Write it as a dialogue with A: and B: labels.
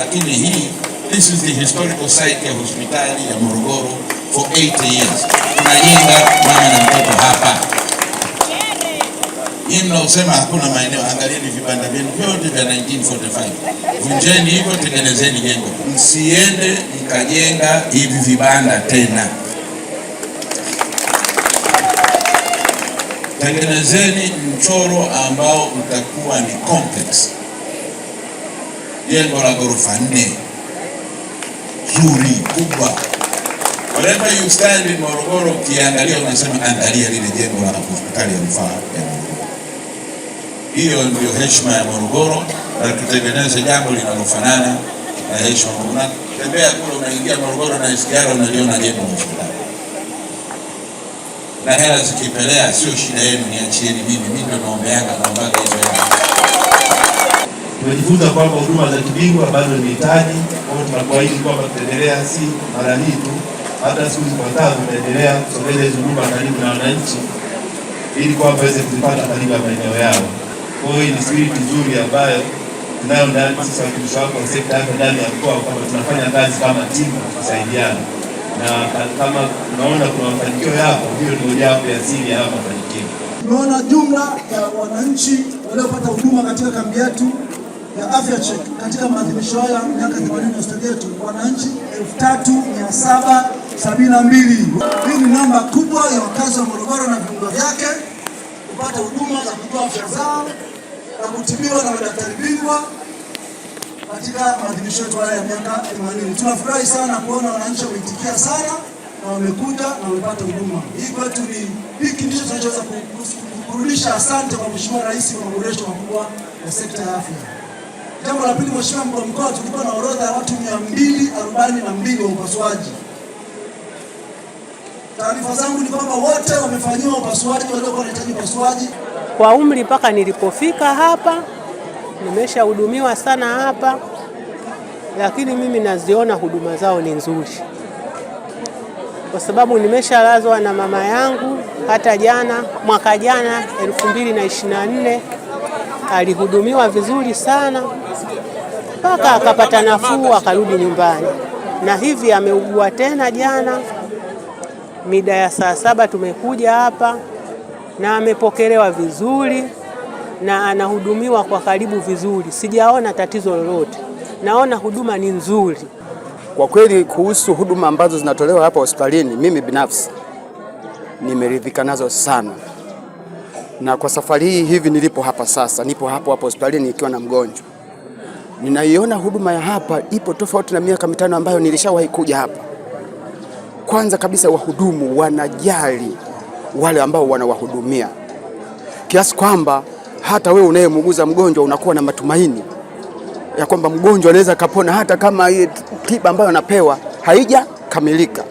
A: Lakini hii this is the historical site ya hospitali ya Morogoro for 80 years. Tunajenga mama na mtoto hapa. Hii mnaosema hakuna maeneo, angalieni vibanda vyenu vyote vya 1945, vunjeni hivyo, tengenezeni jengo, msiende mkajenga hivi vibanda tena, tengenezeni mchoro ambao utakuwa ni complex jengo la ghorofa nne zuri kubwa. Whenever you stand in Morogoro, ukiangalia unasema angalia lile jengo la hospitali ya rufaa ya Morogoro. Hiyo ndio heshima ya Morogoro, na tutengeneze jambo linalofanana na heshima. Unatembea kule, unaingia Morogoro na SGR, unaliona jengo la hospitali na hela zikipelea, sio shida yenu, niachieni mimi. Mimi ndio naombeanga, naombaga hizo hela
B: tumejifunza kwamba huduma za kibingwa bado ni hitaji. Kwa hiyo tunakuahidi kwamba tutaendelea, si mara hii tu, hata siku zifuatazo tutaendelea kusogeza hizo huduma karibu na wananchi, ili kwamba waweze kuzipata karibu maeneo yao. Kwa hiyo ni spirit nzuri ambayo tunayo ndani sisi watumishi wako wa sekta hapa ndani ya mkoa, kwamba tunafanya kazi kama timu kusaidiana, na kama tunaona kuna mafanikio yapo, hiyo ni mojawapo ya siri ya mafanikio.
C: Tumeona jumla ya wananchi waliopata huduma katika kambi yetu ya afya check katika maadhimisho haya miaka 80 ya hospitali yetu, wananchi 3772. Hii ni namba kubwa ya wakazi wa Morogoro na viunga vyake kupata huduma za kutoa afya zao na kutibiwa na madaktari bingwa katika maadhimisho yetu haya ya miaka 80. Tunafurahi sana kuona wananchi wameitikia sana na wamekuja na wamepata huduma hii. Kwetu ni hiki ndicho tunachoweza kurudisha. Asante kwa Mheshimiwa Rais wa maboresho makubwa ya sekta ya afya. Jambo la pili, mheshimiwa mkuu wa mkoa, tulikuwa na orodha ya watu 242 wa upasuaji. Taarifa zangu ni kwamba wote wamefanyiwa upasuaji waliokuwa wanahitaji upasuaji
D: kwa umri mpaka nilipofika hapa. Nimeshahudumiwa sana hapa, lakini mimi naziona huduma zao ni nzuri, kwa sababu nimeshalazwa na mama yangu hata jana, mwaka jana 2024 alihudumiwa vizuri sana mpaka akapata nafuu akarudi nyumbani, na hivi ameugua tena jana mida ya saa saba tumekuja hapa na amepokelewa vizuri na anahudumiwa kwa karibu vizuri, sijaona tatizo lolote, naona huduma ni nzuri
E: kwa kweli. Kuhusu huduma ambazo zinatolewa hapa hospitalini, mimi binafsi nimeridhika nazo sana, na kwa safari hii hivi nilipo hapa sasa, nipo hapo hapa hospitalini ikiwa na mgonjwa ninaiona huduma ya hapa ipo tofauti na miaka mitano ambayo nilishawahi kuja hapa. Kwanza kabisa, wahudumu wanajali wale ambao wanawahudumia kiasi kwamba hata wewe unayemuguza mgonjwa unakuwa na matumaini ya kwamba mgonjwa anaweza kapona hata kama tiba ambayo anapewa haijakamilika.